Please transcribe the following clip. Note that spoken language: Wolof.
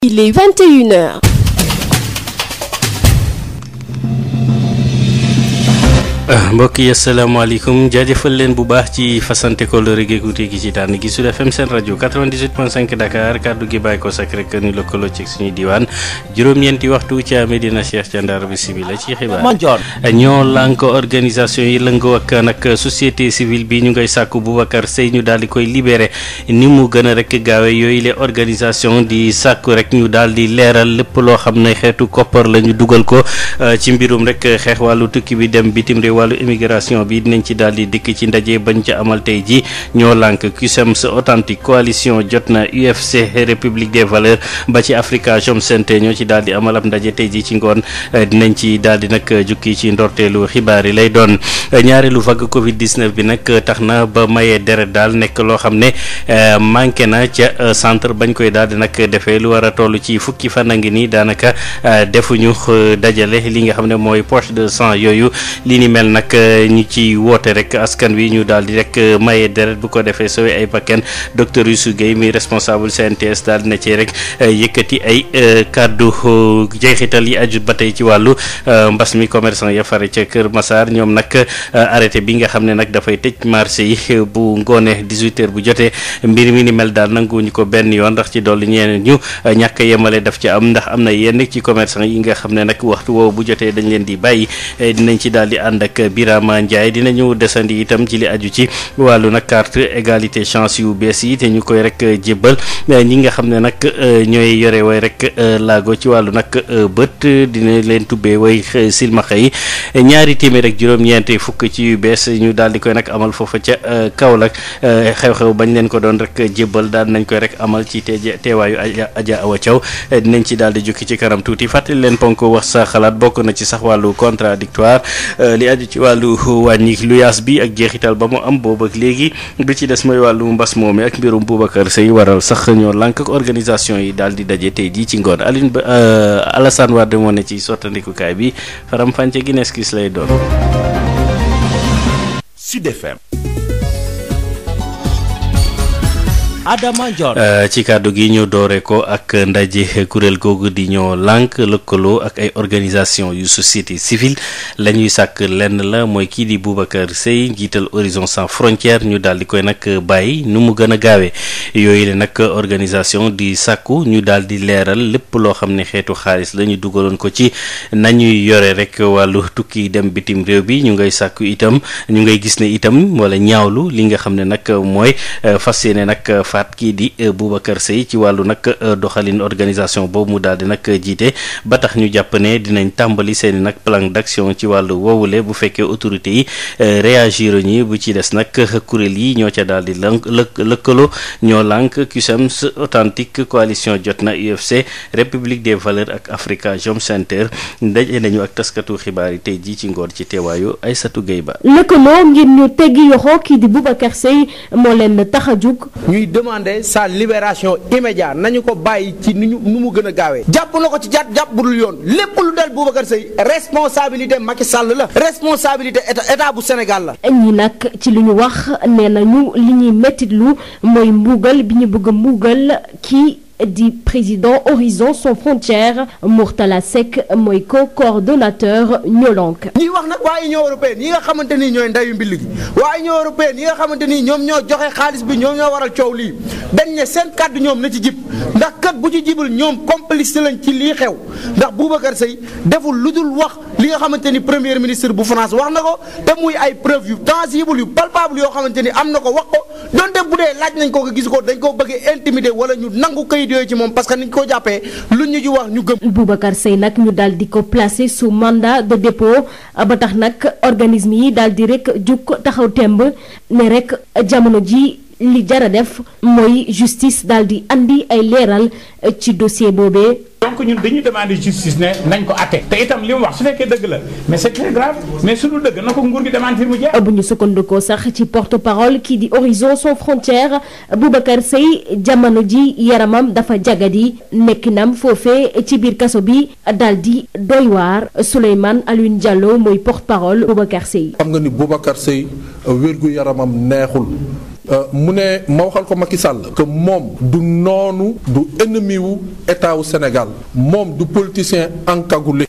Il est 21h. mbokk yi asalaamaaleykum jaajëfal leen bu baax ci fasante kóllëre gi écouté gi ci tànn gi Sud FM seen rajo 98.5 Dakar kàddu gi bàyyi ko Sacré-Cœur ñu lëkkaloo ci suñu diwaan juróom-ñeenti waxtu ca Medina Cheikh ca Ndar bi sibi la ci xibaar ñoo lànk organisation yi lëngoo ak nag société civile bi ñu ngay sàkku Boubacar Seye ñu daal di koy libéré ni mu gën a rek gaawe yooyu les organisation di sàkku rek ñu daal di leeral lépp loo xam ne xeetu koppar la ñu dugal ko euh, ci mbirum rek xeex wàllu tukki bi dem bitim réew wàllu immigration bi dinañ ci daal di dikk ci ndaje bañ ca amal tey ji ñoo lànk CUSEMS authentique coalition jot na UFC république des valeurs ba ci Africa Jom Center ñoo ci daal di amal ab ndaje tey ji ci ngoon eh, dinañ ci daal di nag jukki ci ndorteelu xibaar yi lay doon eh, ñaareelu vague Covid 19 bi nag tax na ba mayee deret daal nekk loo xam ne eh, manqué na ca centre bañ koy daal di nag defee lu war a toll ci fukki fan a ngi nii daanaka defuñu dajale li nga xam ne mel nag euh, ñi ci woote rek askan wi ñu daal di rek euh, maye deret bu ko defee sooy ay bakkan docteur Youssou Guèye mi responsable CNTS daal di na ci rek euh, yëkkati ay kàddu jeexital yi aju ba tey ci wàllu mbas mi commercant ya fare ca Kër Massar ñoom nag arrêté bi nga xam ne nag dafay tëj marché yi bu ngoonee 18 bu jotee mbir mi ni mel daal nangu nanguwuñu ko benn yoon ndax ci dolli ñeen ñu ñàkk yemale daf ci am ndax am na yenn ci commerçant yi nga xam ne nag waxtu woowu bu jotee dañ leen di bàyyi dinañ ci daal di ànd ak ak Birama Ndiaye dinañu desandi itam ci li aju ci wàllu nag carte égalité chance yu bees yi te ñu koy rek euh, jébbal ñi nga xam ne nag euh, ñooy yore woy rek euh, laago ci wàllu nag bët dina leen tubbee way silmaxa yi ñaari téeméer ak juróom-ñeent fukk ci yu bees ñu daal di koy nag amal foofa ca Kaolack xew-xew bañ leen ko doon rek jébbal daal nañ koy rek amal ci teewaayu Adja Awa Thiaw nañ ci daal di jukki ci kanam tuuti fàttali leen ponk wax sa xalaat bokk na ci sax wàllu contradictoire li ci wàllu wàññi luyaas bi ak jeexital ba mu am boobu ak léegi bi ci des mooy wàllu mbas moome ak mbirum Boubacar Seye waral sax ñoo lànk ak organisation yi daal di daje tey jii ci ngoon Alioune ba euh, Alassane Wade moo ne ci sottandikukaay bi faram-fànce gi lay doon. Adama Ndior. Eh, ci kàddu gi ñu doore ko ak ndaje kuréel googu di ñoo lank lëkkaloo ak ay organisation yu société civile la ñuy sàkk lenn la mooy kii di Boubacar Seye njiital Horizon Sans frontière ñu daal di koy nag bàyyi nu mu gën a gaawee yooyu la nag organisation di sàkku ñu daal di leeral lépp loo xam ne xeetu xaalis la ñu dugaloon ko ci nañuy yore rek wàllu tukki dem bitim réew bi ñu ngay sàkku itam ñu ngay gis ne itam wala ñaawlu li nga xam ne nag mooy eh, fas faat kii di euh, Boubacar Seye ci wàllu nag euh, doxalin organisation boobu mu daal di nag euh, jiite ba tax ñu jàpp ne dinañ tàmbali seen i nag plan d'action ci wàllu woowule bu fekkee autorité yi réagir ñi bu ci des nag kuréel yi ñoo ca daal di lënk lëkkaloo ñoo lànk CUSEMS authentique coalition jot na UFC république des valeurs ak Africa Jom Center ndaje nañu ak taskatu xibaar yi tey ji ci ngoor ci teewaayu ay satu gay ba lëkkaloo ngir ñu teggi yoxoo kii di Boubacar Seye moo demander sa libération immédiate nañu ko bàyyi ci ni ñu nu mu gën a gaawee jàpp na ko ci jàpp jàpp bu dul yoon lépp lu dal Boubacar Seye responsabilité Macky Sall la responsabilité état état bu Sénégal la. ñi nag ci li ñu wax nee nañu li ñuy mettitlu mooy mbuugal bi ñu bëgg a mbuugal kii. di président Horizon Sans Frontières Mourtala Seck mooy co-coordonnateur ñolonk ñuy wax nag waa Union européenne yi nga xamante ni ñooy ndeyu mbill gi waa Union européenne yi nga xamante ni ñoom ñoo joxe xaalis bi ñoom ñoo waral coow lii dañ ne seen kàddu ñoom na ci jib ndax kat bu ci jibul ñoom complice lañ ci lii xew ndax Boubacar Seye deful lu dul wax li nga xamante ni première ministre bu France wax na ko te muy ay preuve yu tangible yu palpable yoo xamante ni am na ko wax ko donte bu dee laaj nañ ko ko gis ko dañ ko bëgg intimider wala ñu nangu kayit yooyu ci moom parce que niñ ko jàppee lu ñu ji wax ñu gëm. Boubacar Seye nag ñu daal di ko placer sous mandat de dépôt ba tax nag organisme yi daal di rek jug taxaw temb ne rek jamono ji li jara def mooy justice daal di andi ay leeral eh, ci dossier boobee. donc ñun dañuy demander justice ne nañ ko àtte te itam li wax su fekkee dëgg la mais c'est très mais su dul dëgg na ko nguur gi demander mu jeex. bu ñu sukkandikoo sax ci porte-parole kii di Horizon Sans Frontières Boubacar Seye jamono ji yaramam dafa jagadi nekkinam foofee ci biir kaso bi daal di doy waar Souleymane Alioune Diallo mooy porte-parole Boubacar Seye. xam nga ni Boubacar Seye wérgu yaramam neexul. Euh, mu ne ma waxal ko Macky Sall que moom du noonu du ennemi wu état Sénégal moom du politicien encagoulé